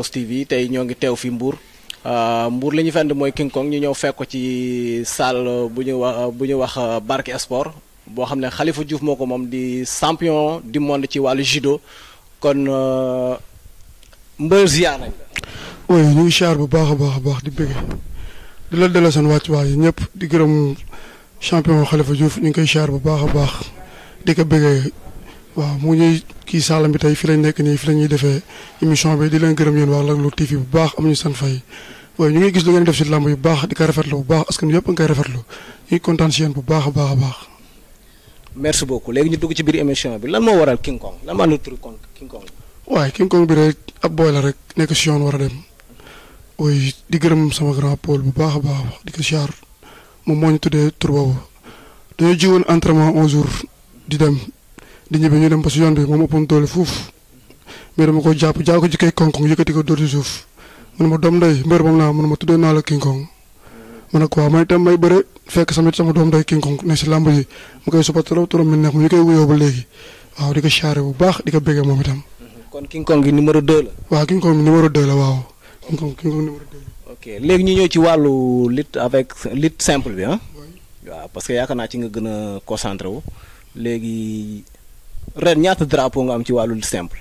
Pros TV tey ñoo ngi teew fi Mbour ah, mbuur li ñu fend mooy King Kong ñu ñëw fekk ko ci salle bu ñu wax bu ñu wax ah, Barki Sport boo xam ne xalifa Diouf moo ko moom di champion du monde ci wàllu judo kon ah, mbër ziar nañ. oui bu baax a baax a di bëgg di la delloo seen wàccuwaay ñëpp di gërëm champion Khalifa Diouf ñu ngi koy ziar bu baax a baax di ko bëggee. waaw mu ñuy kii saalam bi tey fi lañ nekk nii fi la ñuy defee émission bi di leen gërëm yéen waa Lag Lutte TV bu baax am ñu sant fay waaye ñu ngi gis lu ngeen def si làmb yu baax di ko rafetlu bu baax askan yëpp a ngi koy rafetlu ñu ngi kontaan si yéen bu baax a baax a baax. merci beaucoup léegi ñu dugg ci biir émission bi lan moo waral King Kong lan moo ànd tur King Kong. waaye King Kong bi rek ab booy la rek nekk si yoon war a dem ooy di gërëm sama grand Paul bu baax a baax di ko siyaar moom moo ñu tuddee tur boobu dañoo jiwoon entraînement 11 jours di dem di ñibbi ñu dem ba si yoon bi moom ëppoon doole fuuf mais dama ko jàpp jaa ko ci kay konkong yëkkati ko dóor suuf mu ne ma doom day mbër moom naa mu ne ma tuddee naa la king kong mu ne ko waaw man itam may bëre fekk sama sama doom day king kong ne si lamb yi mu koy suba trop trop mi neex mu ñu koy wuyoo ba léegi waaw di ko charé bu baax di ko béggee moom itam kon king kong gi numéro 2 la waaw king kong numéro 2 la waaw king kong king kong numéro 2 ok léegi ñu ñëw ci wàllu lit avec lit simple bi ah waaw parce que yaakaar naa ci nga gën a concentré wu léegi ren ñaata drapeau nga am ci wàllu simple.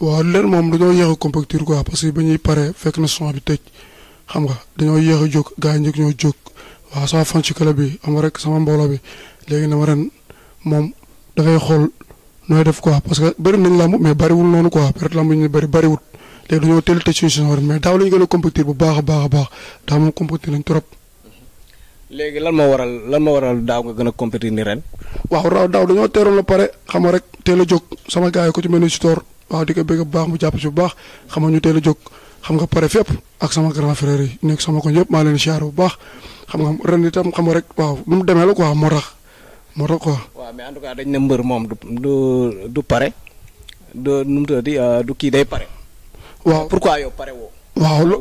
leen moom dañoo yéex a compacture quoi parce que ba ñuy paree fekk na son bi tëj xam nga dañoo yéex a jóg gars yi njëkk ñoo jóg waaw sama fan ci club bi am rek sama mbooloo bi na ma ren moom dafay xool nooy def quoi parce que bëri nañ làmb mais bëriwul noonu quoi ñu bëri bëriwul léegi dañoo teel ren mais daaw lañu gën a compacture bu baax a baax a baax daaw moom compacture nañ trop. léegi lan moo waral lan ma waral daaw nga gën a compétir ni ren. waaw daaw dañoo teeroon la pare xam nga teel jog sama gaay ko ci melni ci tor toor waaw di ko bëgg baax mu japp ci baax xam nga ñu teel jog xam nga pare fep ak sama grand frère yi nek sama ko ñëpp ma leen siyaar bu baax xam nga rendi tam xam rek waaw nu mu demee la quoi mo tax mo tax quoi. waaw mais en tout cas dañ na mbeur mom du du pare du nu mu tëddi euh, du ki day pare. waaw pourquoi yo pare woo. waaw lo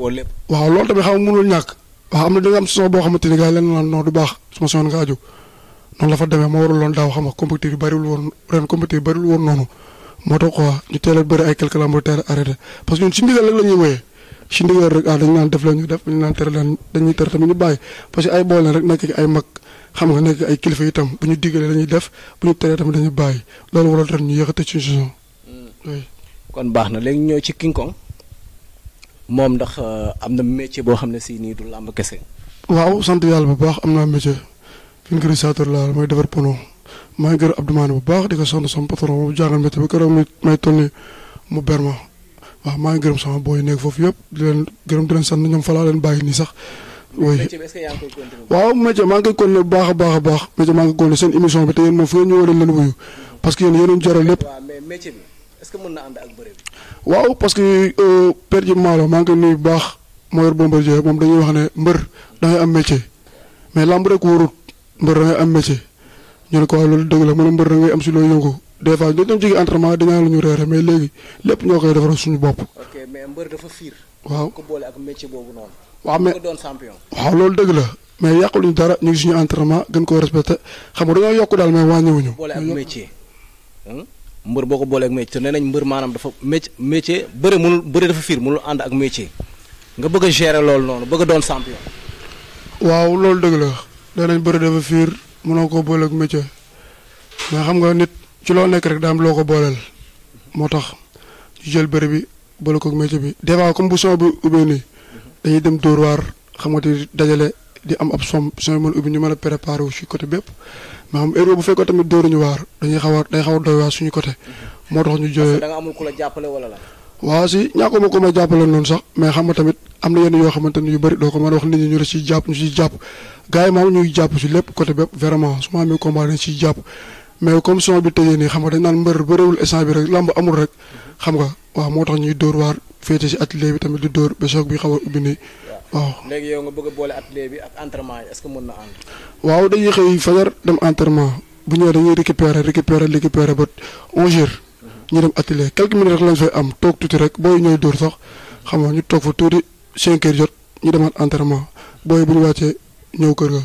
waaw loolu tamit xam nga mënul ñak waaw amna na da nga am saison bo xamanteni ni leen non du baax sama son gaaju non la fa demé mo warul woon daaw xam nga compétiteur yi bariwul woon ren compétiteur yi bariwul woon noonu moo tax quoi ñu teel a bëri ay quelques lamb teel a arrêté parce que ñun si ndigal rek la ñuy woyee si ndigal rek ah dañu naan def la ñu def dañu naan tere leen dañuy tere tamit ñu bàyyi parce que ay boole rek nekk ay mag xam nga nekk ay kilifa itam bu ñu digalee la def bu ñu teree tamit dañuy bàyyi loolu waral ren ñu yëkkate ci saison. Hmm. kon baax na léegi ñëw ci King Kong moom ndax euh, am na métier boo xam ne si nii du lamb kese. waaw sant yàlla bu baax am naa métier ingrédisateur laal mooy defar pono maa ngi Abdoumane bu baax di ko sonn sama patron moom jàngal métti bi këram may tonni mu ber ma waaw maa ngi gërëm sama booy nekk foofu yëpp di leen gërëm di leen sant ñoom fa laa leen bàyyi nii sax oui waaw métier maa ngi koy continuer bu baax a baax baax métier maa ngi continuer seen émission bi te yéen moom fu ngeen ñëwoo leen wuyu parce que yéen yéen jaral lépp waaw parce que euh, père ji maalo maa ngi koy baax moo bombardier moom dañuy wax ne da am métier mais lamb rek mbër da am métier ñu ko wax lolu deug la mu ne mbër am ci lo yëngu des fois ñu doon ci entraînement dina la ñu réré mais légui lepp ñoo koy defaral suñu bop ok mais mbeur dafa fiir. waaw ko bolé ak métier bobu non waaw mais ko doon champion. waaw lolu deug la mais ñu dara ñu ci ñu entraînement gën ko respecté xam nga dañoo yokku dal mais wañu wuñu bolé ak métier. hmm mbeur boko bolé ak métier nenañ mbeur manam dafa métier métier bëre mënul bëre dafa fiir mënul and ak métier nga bëgg gérer lolu non bëgg doon champion. waaw lolu deug la danañ bëri dafa fiir mënoo koo boole ak métier mais xam nga nit ci loo nekk rek daam loo ko booleel moo tax ñu jël bëri bi boole ko ak bi des fois bu son bi ubbee nii dañuy dem dóor waar xam nga di dajale di am ab som sooy mën ubbi ñu mën a préparé wu si côté bépp mais xam erreur bu fekkoo tamit dóoruñu waar dañuy xaw a day xaw a doy waar suñu côté moo tax ñu jëlee da nga amul ku la jàppale wala la waaw si ñaa ko ma ko may jàppale noonu sax mais xam nga tamit am na yenn yoo xamante ni yu bëri doo ko mën a wax nit ñi ñu ne si jàpp ñu si jàpp gars yi moom ñuy jàpp si lépp côté bépp vraiment su ma amee comme son bi tëjee nii xam nga dañ naan mbër bëriwul instant bi rek lamb amul rek xam nga waaw moo tax ñuy dóor waar féete si atelier bi tamit di dóor ba soog bi xaw a ubbi nii waaw léegi yow bëgg boole atelier bi ak entraînement yi est-ce que mën na ànd. waaw dañuy xëy fajar dem entraînement bu ñëwee dañuy récupérer récupérer récupérer ba 11 ñu dem atelier quelques minutes rek lañ fay am toog tuuti rek booy ñooy dóor sax xam nga ñu toog fa tuuti cinq heures ñu demaat entraînement booy bu ñu wàccee ñëw kër ga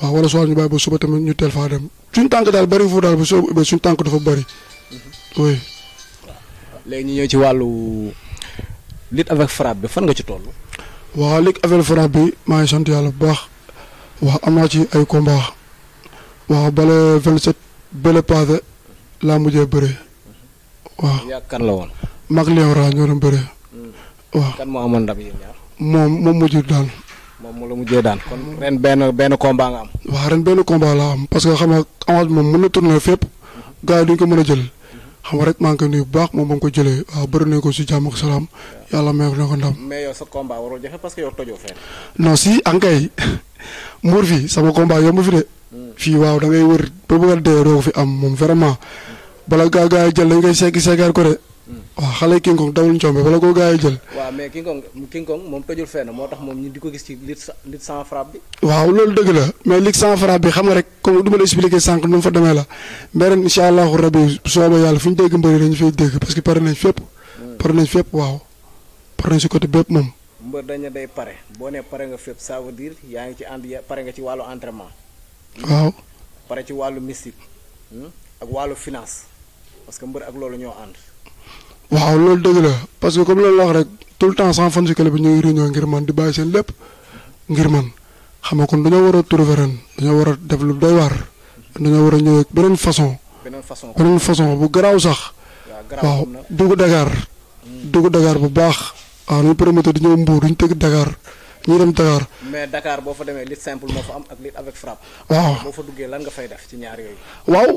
waaw wala soo ñu bàyyi bu suba tamit ñu teel faa dem suñu tànk daal bëri foofu daal ba soo ba suñu tànk dafa bëri mm-hmm. oui. léegi ñu ñëw ci wàllu lutte avec frappe bi fan nga ci toll. waa lutte avec frappe bi maa ngi sant yàlla bu baax waaw am naa ci ay combat waaw bala 27 bële passé laa mujjee bëree. waaw yaa hmm. kan la woon mag Léora ñoo doon bëre waaw kan moo amoon ndam yéen ñaar moom moom mujj daan moom mu la mujjee daan kon ren benn benn combat nga am waaw ren benn combat la am parce que xam nga avance moom mën na tourner fépp gars yi duñ ko mën a jël xam rek maa ngi koy nuyu bu baax moom ba nga ko jëlee waaw bëri nañ ko si jàmm ak salaam yàlla ya. ya may na ko ndam. mais yow sa combat waroo jafe parce que yow tojoo non si ankay muur sama combat yomb ya, hmm. fi de. fii waaw da ngay wër ba bëgg a dee doo fi am moom hmm. vraiment. bala gaa gaa yi jël dañ koy seggi seggaar ko de. Hmm. waaw xale King Kong dawul coombe bala koo gaa yi jël. waaw mais King Kong King Kong moom tëjul fenn moo tax moom ñu di ko gis ci lutte sans frappe bi. waaw loolu dëgg la mais lutte sans frappe bi xam nga rek comme du ma la expliqué sànq nu mu fa demee la mais ren incha allahu ñu dégg mbëri dañu fay dégg parce que pare nañ fépp. Hmm. pare nañ fépp waaw pare nañ si côté bépp moom. mbër dañu day pare boo nee pare nga fépp ça veut dire yaa ngi ci ànd pare nga ci wàllu entraînement. waaw. ci wàllu mystique. Hmm, ak wàllu finance. parce que mbeur ak lolu ñoo and waaw lolu deug la parce que comme lolu wax rek tout le temps sans fan ci club bi réunion ngir man di bàyyi seen lepp ngir man xam nga kon dañu wara a trouver ren dañoo war def lu doy war dañu wara ñëw ak benen façon benen façon benen façon bu graw sax waaw dugu dagar dugu dagar bu baax waaw ah, ñu promettre di ñëw mbuur duñ tegg dagar ñu dem Dakar mais Dakar bo fa démé lit simple mo fa am ak lit avec frappe waaw boo fa duggé lan nga fay def ci ñaar yoy waaw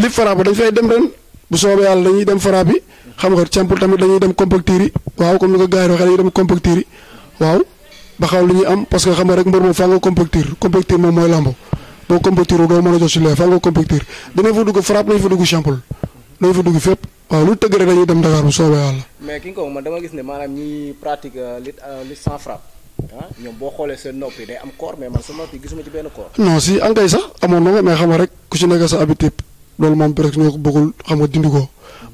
lit frappe dañ fay dem ren bu soobe yàlla dañuy dem fara bi xam nga simple tamit dañuy dem compacteri waaw comme ni ko gars waxee dañuy dem compacteri waaw ba xaw li ñuy am parce que xam nga rek mbor moom faa nga compacteur compacteur moom mooy lambo boo compacteur wu doo mën a jot si lee faa nga compacteur dañu fa dugg frappe dañ fa dugg simple dañ fa dugg fépp waaw lu tëgg rek dañuy dem Dakar bu soobee yàlla. mais ki nga ko man dama gis ne maanaam ñi pratique euh, lit euh, lit sans frappe ah ñoom boo xoolee seen nopp yi day am corps mais man sa nopp yi gisuma ci benn corps. non si ankay sax amoon na nga mais xam nga rek ku ci nekk sa habitude loolu mom presque ñoko ko bëggul xam nga dindi ko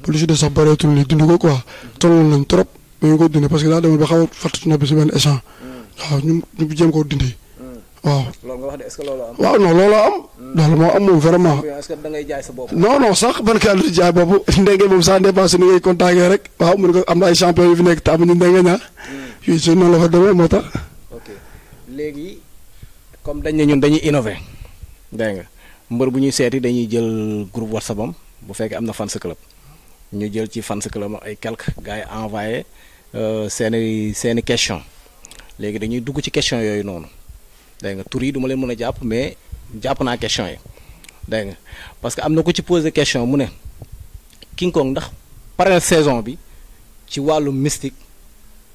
ba lu si des sax bëreetul li dindi ko quoi tolloon nañ trop ñu ko dindé parce que da demoon ba xaw a fàttali na bi si waaw ñu ñu jëm ko dindé waaw. loolu nga wax de est ce que am. waaw non loolu am. loolu mo am mo vraiment. est ce que da ngay jaay sa bop non non sax ban kàddu di jaay ndé ndenge mom sa dépassé ni ngay contacté rek waaw mu am na ay champion yu fi nekk tam amuñu ngay ñaa. yu ci non la fa demee moo tax. ok légui comme dañ né ñun dañuy innover dégg nga. mbër bu ñuy seeti dañuy jël groupe whatsapp am bu fekkee am na fans club ñu jël ci fans club ay quelques gars yi envoyé euh, seeni seeni question léegi dañuy dugg ci question yooyu noonu dégg nga tur yi duma leen mën a jàpp mais jàpp naa question yi dégg nga parce que am na ko ci posé question mu ne King ndax pare saison bi ci wàllu mystique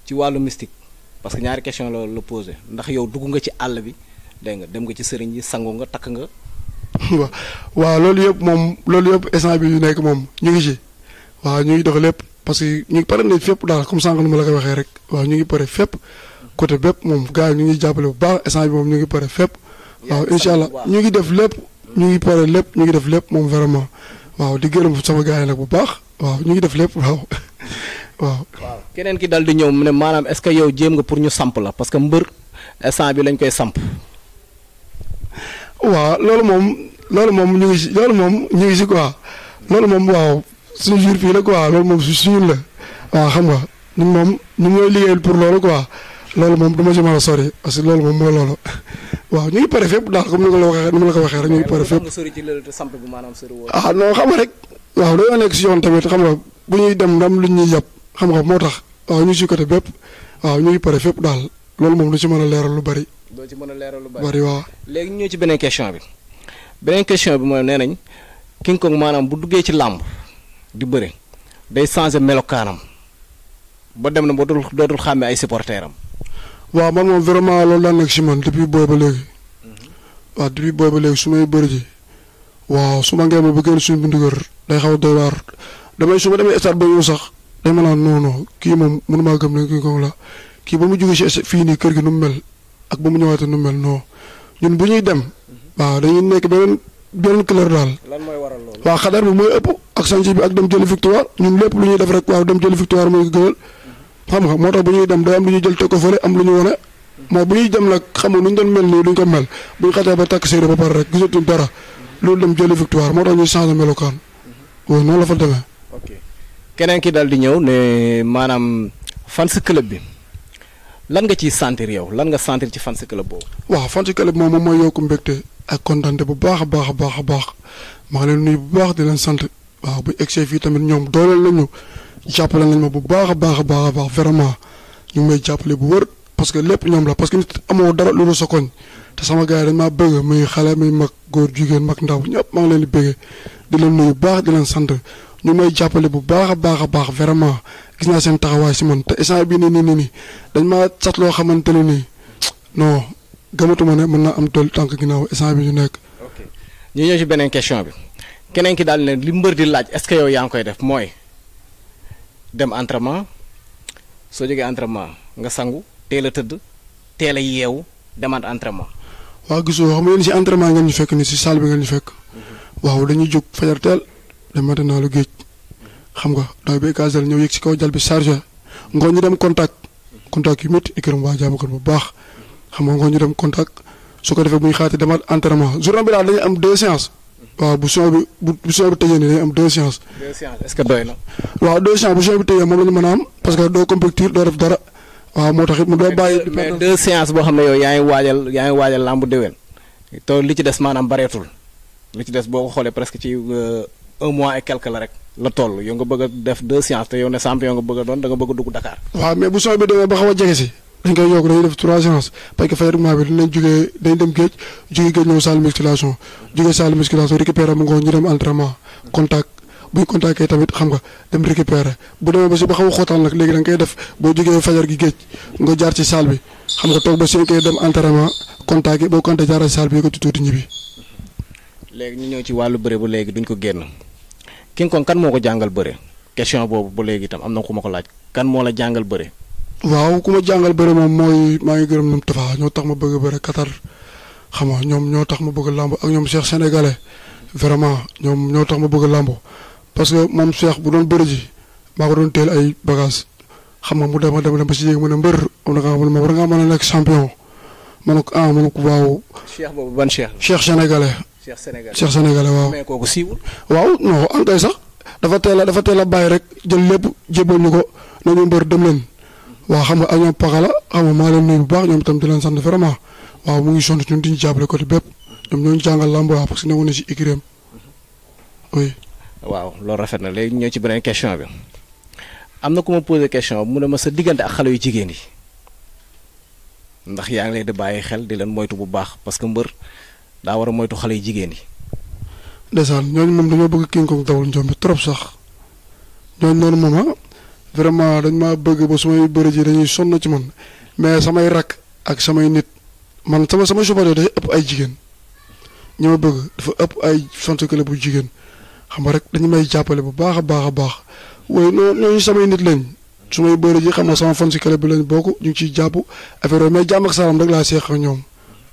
ci wàllu mystique parce que ñaari question la la posé ndax yow dugg nga ci àll bi dégg nga dem nga ci sëriñ yi sangu nga takk nga waaw waaw loolu yëpp moom loolu yëpp instant bi ñu nekk moom ñu ngi ci waaw ñu ngi dox lépp parce que ñu ngi pare nañ fépp daal comme sànq nu ma la ko waxee rek waaw ñu ngi pare fépp côté bépp moom gars yi ñu ngi jàppale bu baax instant bi moom ñu ngi pare fépp waaw incha allah ñu ngi def lépp ñu ngi pare lépp ñu ngi def lépp moom vraiment waaw di gërëm sama gars yi nag bu baax waaw ñu ngi def lépp waaw waaw. keneen ki dal di ñëw mu ne maanaam est-ce que yow jéem nga pour ñu samp la parce que mbër instant bi lañ koy samp. waaw loolu moom loolu moom ñu ngi si loolu moom ñu ngi si quoi loolu moom waaw suñu jour fii la quoi loolu moom suñu la waaw xam nga ñun moom ñu ngi pour loolu quoi loolu moom ma si mën que loolu moom mooy loolu waaw ñu ngi pare fépp daal ma waxee ni ma la ko waxee rek ñu ngi pare fépp. ah non xam nga rek. waaw dañoo tamit xam nga bu ñuy dem ndam luñ ñuy yab xam nga moo tax waaw ñu si côté bépp waaw ñu ngi pare fépp daal loolu moom lu si mën a leeral lu bari doo ci mën a leeral lu léegi ñu ci beneen question bi beneen question bi mooy nee nañ King Kong maanaam bu duggee ci làmb di bëre day changer melokaanam ba dem na ba dootul dootul xàmme ay supporters am. waaw man moom vraiment loolu daan nekk si man depuis booy ba léegi. Mhm. waaw depuis booy ba léegi su may bëri ji waaw su ma ngeen ma bëggee suñu buntu kër day xaw a doy waar damay su ma demee stade ba ñëw sax day ma naan non non kii moom mënumaa gëm ne King Kong la kii ba mu j si kër gi nu mu mel. ak ba mu ñëwaatee nu mel non ñun bu ñuy dem waaw dañuy nekk beneen beneen couleur daal. lan mooy waral loolu. waaw xadar bi mooy ëpp ak sanc bi ak dem jëli victoire ñun lépp lu ñuy def rek waaw dem jëli victoire mooy xam nga moo tax bu ñuy dem day am lu ñuy jël teg ko fële am lu ñu wane. moo bu ñuy dem nag xam nga nu ñu doon mel nii duñ ko mel bu ñu xasee ba takk séeréer ba pare rek gisatuñ dara loolu dem jëli victoire moo tax ñuy changé melokaan. waaw noonu la fa demee. keneen ki daal di ñëw ne maanaam fan sa club bi. lan nga ciy sentir yow lan nga sentir ci fans club boobu. waaw fans club moom moom mooy yokku mbégte ak kontante bu baax a baax a baax a baax maa ngi leen nuyu bu baax di leen sant waaw bu fii tamit ñoom dooleel nañu jàppale nañ ma bu baax a baax a baax a baax vraiment ñu may jàppale bu wër parce que lépp ñoom la parce que nit amoo dara lu dul sa koñ te sama gars yi dañ maa bëgg muy xale muy mag góor jigéen mag ndaw ñëpp maa ngi leen di bëggee di leen nuyu bu baax di leen sant ñu may jàppale bu baax a baax a baax vraiment gis naa seen taxawaay si man te instant bi nii nii nii dañ ma sat loo xamante ne nii non gëmatuma ne mën naa am tool tànk ginnaaw instant bi ñu nekk. ok ñu ñëw ci beneen question bi keneen ki daal ne li mbër di laaj est ce que yow yaa ngi koy def mooy dem entraînement soo jógee entraînement nga sangu teel a tëdd teel a yeewu demaat entraînement. waaw gisoo xam nga si entraînement nga ñu fekk ni si salle bi nga ñu fekk. Mhm. waaw dañuy jóg fajar teel dem matinaalu géej xam nga doy be gazal ñew yek ci kaw jalbi bi charge ngo ñu dem contact contact yu metti ikram wa jamu ko bu baax xam nga ngo ñu dem contact su ko defé muy xati demal entraînement jour bi la dañu am deux séances wa bu son bi bu son bi tejé ni dañu am deux séances deux séances est ce que doy na wa deux séances bu son bi tejé mom lañu mëna am parce que do compétir do def dara waaw motax mu do baye mais deux séances bo xamné yow yaay wajal yaay wajal lamb dewel to li ci dess manam baretul li ci dess boko xolé presque ci euh, un mois et quelques la rek la toll yow nga bëgg a def deux séances te yow ne champion nga bëgg a doon da nga bëgg a dugg Dakar. waaw mais bu sooy bi demee ba xaw jege si dañ yokk dañuy dem géej jógee géej ñëw salle musculation jógee salle musculation récupéré bu tamit xam nga dem récupéré bu demee ba si ba xaw a nag léegi da koy def boo jógee fajar gi géej nga jaar ci salle bi xam nga toog ba cinq heures dem entraînement contact yi boo contact jaarale si salle bi yëkkati tuuti ñibbi. ñëw ci wàllu bëre bu léegi duñ ko génn king kon kan moko jangal beure question bobu bu legi tam amna kuma ko laaj kan mo la jangal beure waaw kuma jangal beure mom moy ma ngi gërem num tafa ñoo tax ma bëgg beure qatar xama ñom ñoo tax ma bëgg lamb ak ñom cheikh sénégalais vraiment ñom ñoo tax ma bëgg lamb parce que mom cheikh bu doon beure ji ma ko doon tel ay bagage xam nga mu dama dama ba ci yeg mëna mbeur on nga mëna mo war nga mëna nek champion mëna ko ah mëna ko waaw cheikh bobu ban cheikh cheikh sénégalais Cheikh Sénégal Cheikh Sénégal waaw. mais kooku siiwul. waaw non en kay sax dafa teel a dafa teel bàyyi rek jël lépp jébal ñu ko ne ñu mbër dem leen. waaw xam nga ak ñoom Pakala xam nga maa leen nuyu bu baax ñoom itam di leen sant vraiment waaw mu ngi sonn ñun di ñu jàppale côté bépp ñoom ñoo jàngal làmb waaw parce que newoon na ci ICREM ci beneen question bi am na ku ma posé question mu ne ma sa diggante ak xale yu jigéen yi ndax yaa ngi leen di bàyyi xel di leen moytu bu baax parce que daa war a moytu xale yu jigéen yi. ndeysaan ñooñu moom dañoo bëgg King Kong dawul njom bi trop sax ñooñu noonu moom ah vraiment dañ maa bëgg ba sumay bëri ji dañuy sonn ci man mais samay rakk ak samay nit man sama sama supporter dafa ëpp ay jigéen ñi ma bëgg dafa ëpp ay fans club bu jigéen xam nga rek dañu may jàppale bu baax a baax a baax waaye ñooñu samay nit lañ sumay bëri ji xam na sama fans club bi lañ bokk ñu ngi ciy jàpp affaire yooyu mais jàmm ak salaam rek laa seex ak ñoom.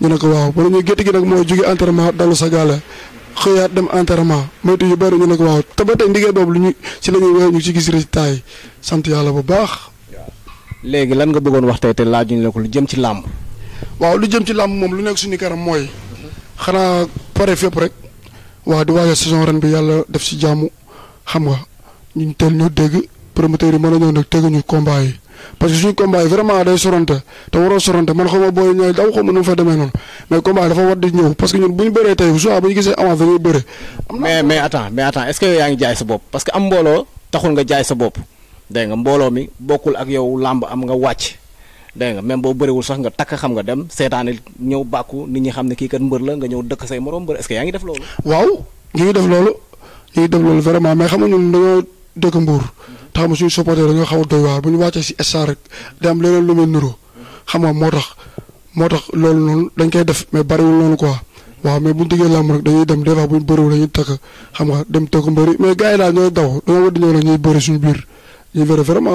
ñu ne ko waaw bu ñu gétt gi nag mooy jóge entraînement dalu sa gaale xëyaat dem entraînement moytu yu bëri ñu ne ko waaw te ba tey ndigal boobu lu ñu si la ñuy wéy ñu ci gis résultat yi sant yàlla bu baax. léegi lan nga bëggoon wax tey te laajuñ la ko lu jëm ci làmb. waaw lu jëm ci làmb moom lu nekk suñu karam mooy xanaa pare fépp rek waa di waaye saison ren bi yàlla def si jàmm xam nga ñu teel ñoo dégg promoteur yi mën a ñëw nag ñu combat yi. parce que suñu combat yi vraiment day sorante te waroo sorante man xaw ma booy ñooy daw xaw ma nu mu fa demee noonu mais mi bokkul ak yow làmb am nga wàcc. dégg nga même boo bëriwul sax nga takk xam nga dem seetaane ñëw bàkku nit ñi xam ne kii kat mbër la nga ñëw dëkk say morom mbër est-ce que yaa ngi def loolu. vraiment mais xam nga ñun dañoo dëkk mbuur tax ma suñu supporter dañoo xaw a doy waar bu ñu wàccee si star rek day am leneen lu muy niroo xam nga moo tax moo tax loolu noonu dañ koy def mais bariwul noonu quoi waaw mais bu ñu déggee làmb rek dañuy dem des fois bu ñu bëriwul dañuy takk xam nga dem takk mbëri mais gars yi daal ñooy daw dañoo war di ñëw nag bëri suñu biir. ñu mu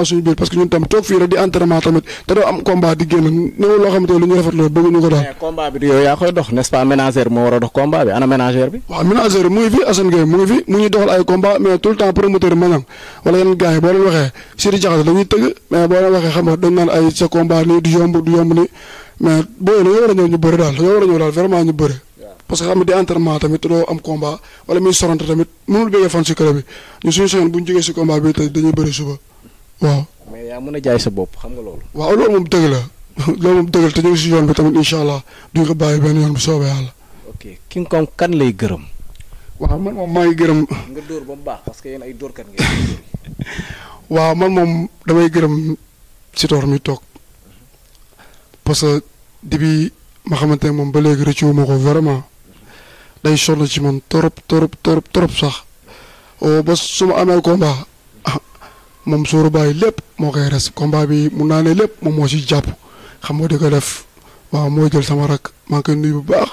ngi doxal ay combat mais tout le temps promoteur maanaam wala yeneen gars yi boo leen waxee Sidi Diakhaté dañuy tëgg mais boo leen waxee xam nga dañ naan ay sa combat nii du yomb du yomb nii mais booy dañoo war a ñëw ñu bëri daal dañoo war a ñëw daal vraiment ñu bëri parce que xam nga di entraînement tamit doo am combat wala muy sorante tamit mënul bëggee fan si club bi ñu suñu seen bu ñu jógee si combat bi tey dañuy bëri suba Wah, mais yaa mën a jaay sa bopp xam nga loolu waaw loolu moom dëgg la loolu moom dëgg te ñu si yoon bi tamit allah ko bàyyi benn yoon bu soobee yàlla ok King Kong kan lay gërëm waaw man moom maa ngi gërëm nga pas ba mu baax parce que yéen ay dóorkat ngeen waaw man moom damay gërëm sitoor mi toog parce que dibi ma xamante ne moom ba léegi rëccuwuma ko vraiment day sonn ci man torop torop torop torop sax oh, combat mom Sourou Baye lepp mo koy res combat bi mu nané lepp mom mo ci japp xam nga di def wa mo jël sama rak ma ngi bu baax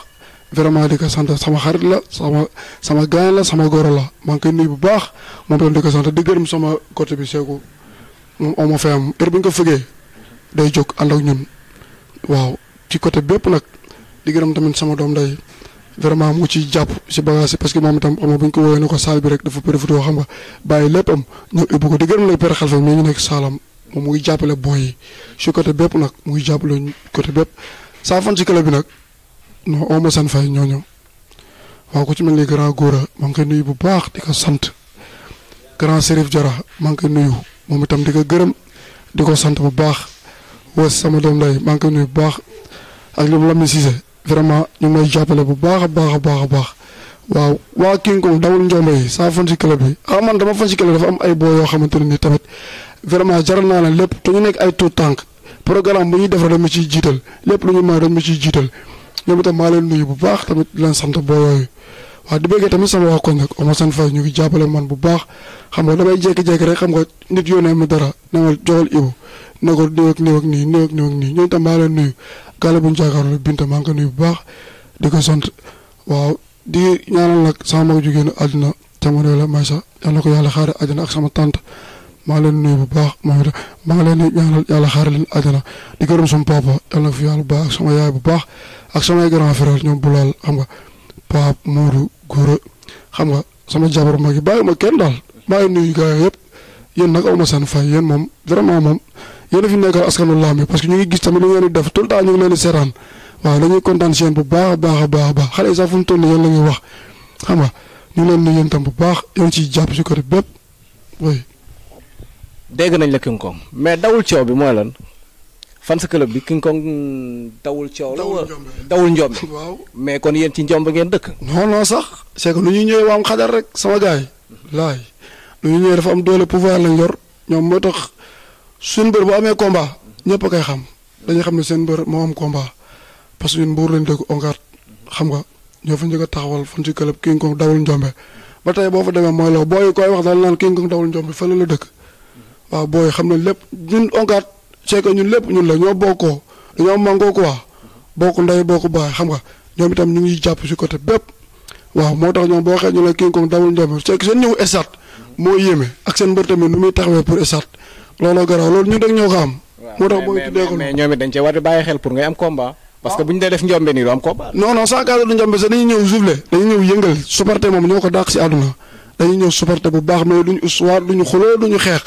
vraiment di sante sama xarit la sama sama gaan la sama goro la ma ngi nuyu bu baax moom tam di sante di sama côté bi ségu mom o ma fee am heure ko fëggee day jog ànd ak ñun waaw ci côté bépp nak di gërëm tamit sama doom day vraiment mu ci japp ci bagage parce que mom tam ama buñ ko woowee nako sal bi rek dafa préfito xam nga baye leppam ñu ñëw ko di lay xalfa mi ñu nek salam mom muy ngi boy ci côté bép nak muy ngi jàppale côté bép sa fon ci club bi nag non oma san fay ñoño wa ko ci melni grand goura maa ngi nuyu bu baax diko sante sant grand serif jara maa ngi nuyu mom tam diko ko diko sante sant bu baax was sama dom lay maa ngi nuyu bu baax ak lu lamisi vraiment ñu ngi may jàppale bu baax a baax a baax waaw waa King Kong dawul njomba yi saa fan si club bi ah man dama fan si club dafa am ay boo yoo xamante ne ni tamit vraiment jaral naa leen lépp te ñu nekk ay tout tànk programme bu ñuy def rek dañ ma jiital lépp lu ñu may dañ ma jiital ñoom tam maa leen nuyu bu baax tamit di leen boo yooyu. waaw di bëggee tamit sama waa koñ nag Omar Sane ñu ngi jàppale man bu baax xam nga damay jékki-jékki rek xam nga nit yónnee mu dara na ma joxal Ibou ne ko nii ak nii ak nii nii ak nii ñooñu tam maa leen nuyu gale buñ lu binta maa ngi ko nuyu bu baax di ko sant waaw di ñaanal nag sama mag ju génn àddina jamono la may sax yàlla ko yàlla xaare àddina ak sama tante maa leen nuyu bu baax moom itam maa ngi leen ñaanal yàlla xaare leen àddina di gërëm sama papa yàlla fi yàlla baax ak sama yaay bu baax ak sama grand frère ñoom bu laal xam nga pap muru Gora xam nga sama jabar magi bàyyi ma kenn daal maa ngi nuyu gars yëpp yéen nag aw ma seen fay yéen moom vraiment moom yéen a fi nekkal askanu lamb bi parce que ñu ngi gis tamit lu ngeen di def tout le ñu ngi leen di seetaan waaw dañuy kontaan seen bu baax a baax baax baax xale yi sax fu mu toll nii yéen la ñuy wax xam nga ñu leen di tam bu baax yéen ciy jàpp si côté bépp oui. dégg nañ la King mais dawul coow bi mooy lan fan sa club bi King Kong dawul coow la. dawul njombe waaw mais kon yéen ci ba ngeen dëkk. non non sax c'est lu ñuy ñëwee waam xadar rek sama gars yi. laay ñëwee dafa am doole pouvoir lañ ñoom moo tax suñ mbër bu amee combat ñëpp a koy xam dañuy xam ne seen mbër moo am combat parce que ñun mbuur lañ dëkk ongaat xam nga ñoo fa njëkk taxawal fan ci club King Kong dawul njombe ba tey boo fa demee mooy loolu booy koy wax daal naan King Kong dawul njombe fa la dëkk waaw booy xam nañ lépp ñun ongaat c'est lépp ñun la ñoo bokkoo dañoo màngoo quoi bokk ndey bokk baay xam nga ñoom itam ñu ngi jàpp si côté bépp waaw moo tax ñoom boo xee ñu ne King dawul njombe c'est que seen ñëw esat moo yéeme ak seen mbër tamit nu muy taxawee pour esat looloo garaaw loolu ñun rek ñoo ko am. moo tax booy tuddee ko mais ñoom it dañ cee war a bàyyi xel pour ngay am combat. parce que ah. bu ñu dee def njombe nii du am combat. non non sans cadre du dañuy ñëw soufflé dañuy ñëw yëngal supporter moom ñoo ko dàq si àdduna dañuy ñëw supporter bu baax mais duñu histoire duñu xuloo duñu xeex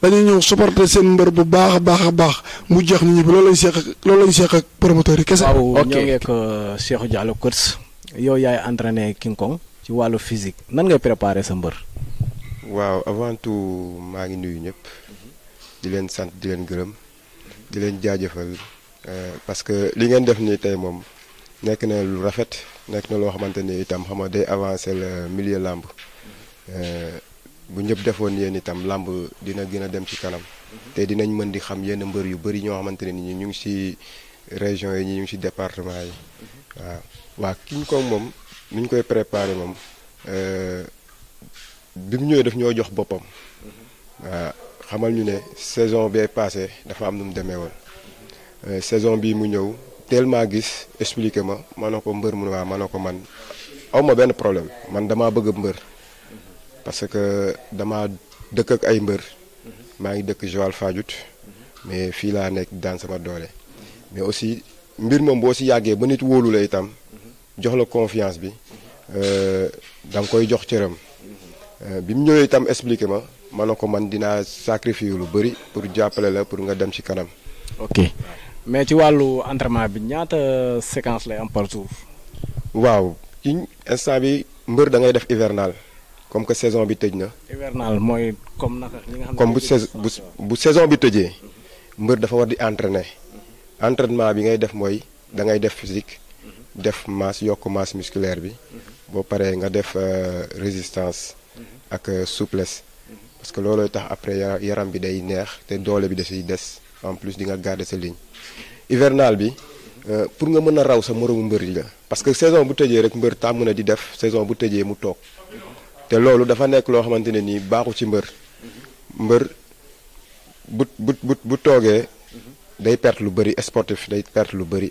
dañuy ñëw supporter seen mbër bu baax a baax a baax mu jeex nit ñi loolu lañ seq ak loolu lañ seex ak promoteur yi kese. waaw ñoo ngi ak euh, Cheikhou Diallo yow yaay entraîné King Kong ci wàllu physique nan ngay préparé sa mbër. waaw avant maa ngi nuyu ñëpp di leen sant di leen gërëm di leen jaajëfal euh, parce que li ngeen def nii tey moom nekk na lu rafet nekk na loo xamante ni itam xam nga day avancer le milieu làmb euh, bu ñëpp defoon yéen itam làmb dina gën a dem ci kanam te dinañ mën di xam yenn mbër yu bëri ñoo xamante ne ni ñu ngi ci région yi ñu ngi ci département yi waaw waa kiñ ko moom nu koy préparé moom euh, bi mu ñëwee def ñoo jox boppam waaw xamal ñu ne saison bee passé dafa am nu mu demee woon euh, saison bii mu ñëw tellement gis expliqué ma ma ne ko mbër mu ne waa ma ne ko man aw ma benn problème man damaa bëgg mbër parce que dama dëkk ak ay mbër maa ngi dëkk Joal Fadiouth mais fii laa nekk daan sama doole mais aussi mbir moom boo si yàggee ba nit wóolu la itam jox la confiance bi euh, da nga koy jox cëram euh, bi mu ñëwee itam expliqué ma. ma ne ko man dinaa sacrifier lu bëri pour jàppale la pour nga dem ci kanam. ok mais ci wàllu entraînement bi ñaata séquence lay am par jour. waaw ci instant bi mbër da ngay def hivernal comme que saison bi tëj na. hivernal mooy comme naka li nga xam comme bu saison bu saison bi tëjee. mbër dafa war di entraîner. entraînement bi ngay def mooy da ngay def physique. def masse yokk masse musculaire bi. Mhm. boo paree nga def euh, résistance. ak euh, souplesse. parce que loolooy tax après yaram bi day neex te doole bi da siy des en plus di nga garder sa ligne hivernal bi euh, pour nga mën a raw sa moroomu mbër yi la parce que saison bu tëjee rek mbër tàmm na di def saison bu tëjee mu toog te loolu dafa nekk loo xamante ne nii baaxu ci mbër mbër bu bu bu toogee day perte lu bëri sportif day perte lu bëri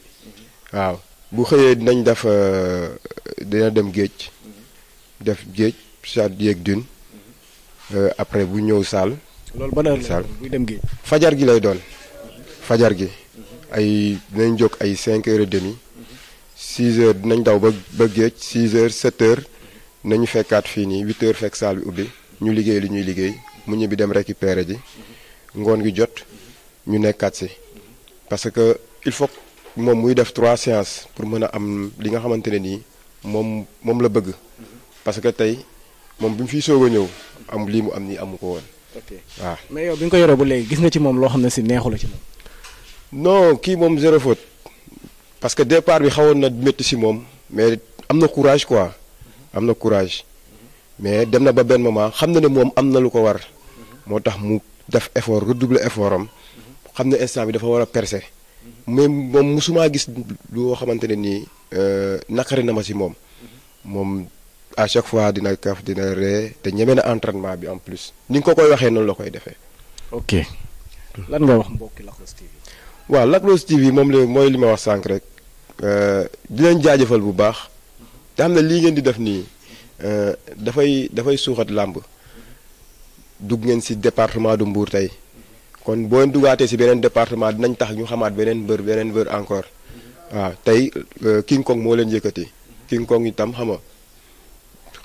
waaw bu xëyee dinañ def euh, dina dem géej def géej sa yéeg dune Euh, après bu ñew sal, loolu ba dal sal bu dem gi fajar gi lay doon fajar gi. ay dinañ jóg ay 5h30 6h dinañ daw ba ba geej 6h 7h nañ fekkat fii nii huit heures fekk saal bi ubbi ñu liggéey li ñuy liggéey mu ñibbi dem récupérer ji ngon gi jot ñu nekkat ci parce que il faut mom muy def 3 séances pour mëna am li nga xamante ni mom mom la bëgg parce que tay mom bi fi fiy ñew am lii mu am nii amu ko woon. ok waaw mais yow bi nga ko yoree ba léegi gis nga ci moom loo xam ne si neexula la ci moom. non kii moom zéro faute parce que départ bi xawoon na métti si moom mais am na courage quoi am na courage mais dem na ba benn moment xam na ne moom am na lu ko war moo tax mu def effort redoubler effort am xam ne instant bi dafa war a percer mais moom mosumaa gis loo xamante ne nii euh, naqari na ma si moom moom. à chaque fois dina kaf dina ree te ñeme na entraînement bi en plus ni nga ko koy waxee noonu la koy defee. ok wax mbokki Lac waaw Lac Rose TV moom la mooy li ma wax sànq rek euh, dinañ jaajëfal bu baax te xam ne lii ngeen di def nii euh, dafay dafay suuxat làmb dugg ngeen si département du mbuur tey kon boo dugaatee si beneen département dinañ tax ñu xamaat beneen bër beneen bër encore waaw tey euh, King Kong moo leen yëkkati King Kong itam xam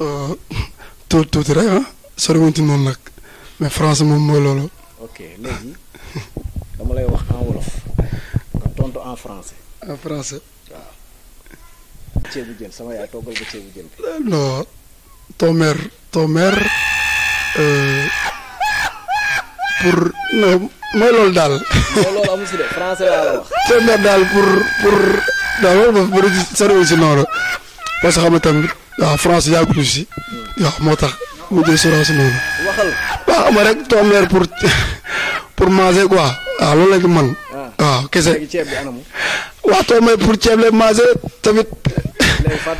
Euh, tuuti tuuti rek ah soriwante noonu nag mais France moom mooy loolu. ok léegi dama lay wax en wolof daal. Euh, euh, mooy loolu daal pour pour daal loolu moom bu dee ci si noonu parce xam nga tamit. waaw France yaa ngi si. waaw moo tax mu jël assurance noonu. waxal waaw ama rek pour pour manger quoi waaw loolu la man. Ah. waaw kese léegi ceeb bi anamu. pour ceeb lay manger tamit.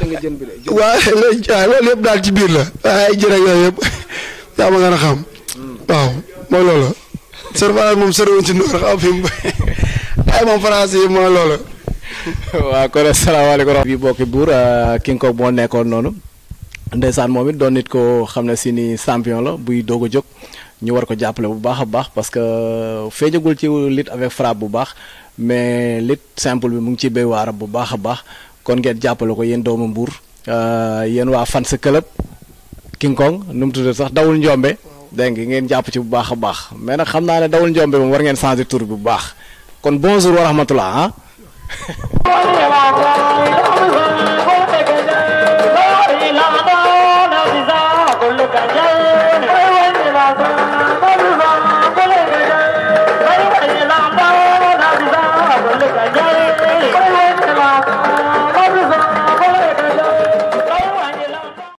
léegi bi de. loolu yëpp daal ci biir la. waaw ay ma gën a xam. Hmm. waaw mooy loolu. moom soriwul ci noor xam fi France yi mooy loolu. waaw kon asalaamaaleykum bi bokki buur ah, ki nga ko moo nekkoon noonu ndeysaan moom it doon nit ko xam ne si ni sampion la buy doog a jóg ñu war ko jàppale bu baax a baax parce que euh, feeñagul ci lutte avec frappe bu baax mais lutte simple bi mu ngi ciy béy waaram bu baax a baax kon ngeen jàppale ko yéen doomu mbuur euh, yéen waa fan sa club King Kong nu mu tuddee sax dawul njombe ngi ngeen jàpp ci bu baax a baax mais nag xam naa ne dawul njombe moom war ngeen changer tur bu baax kon bonjour wa ah 欢迎来到。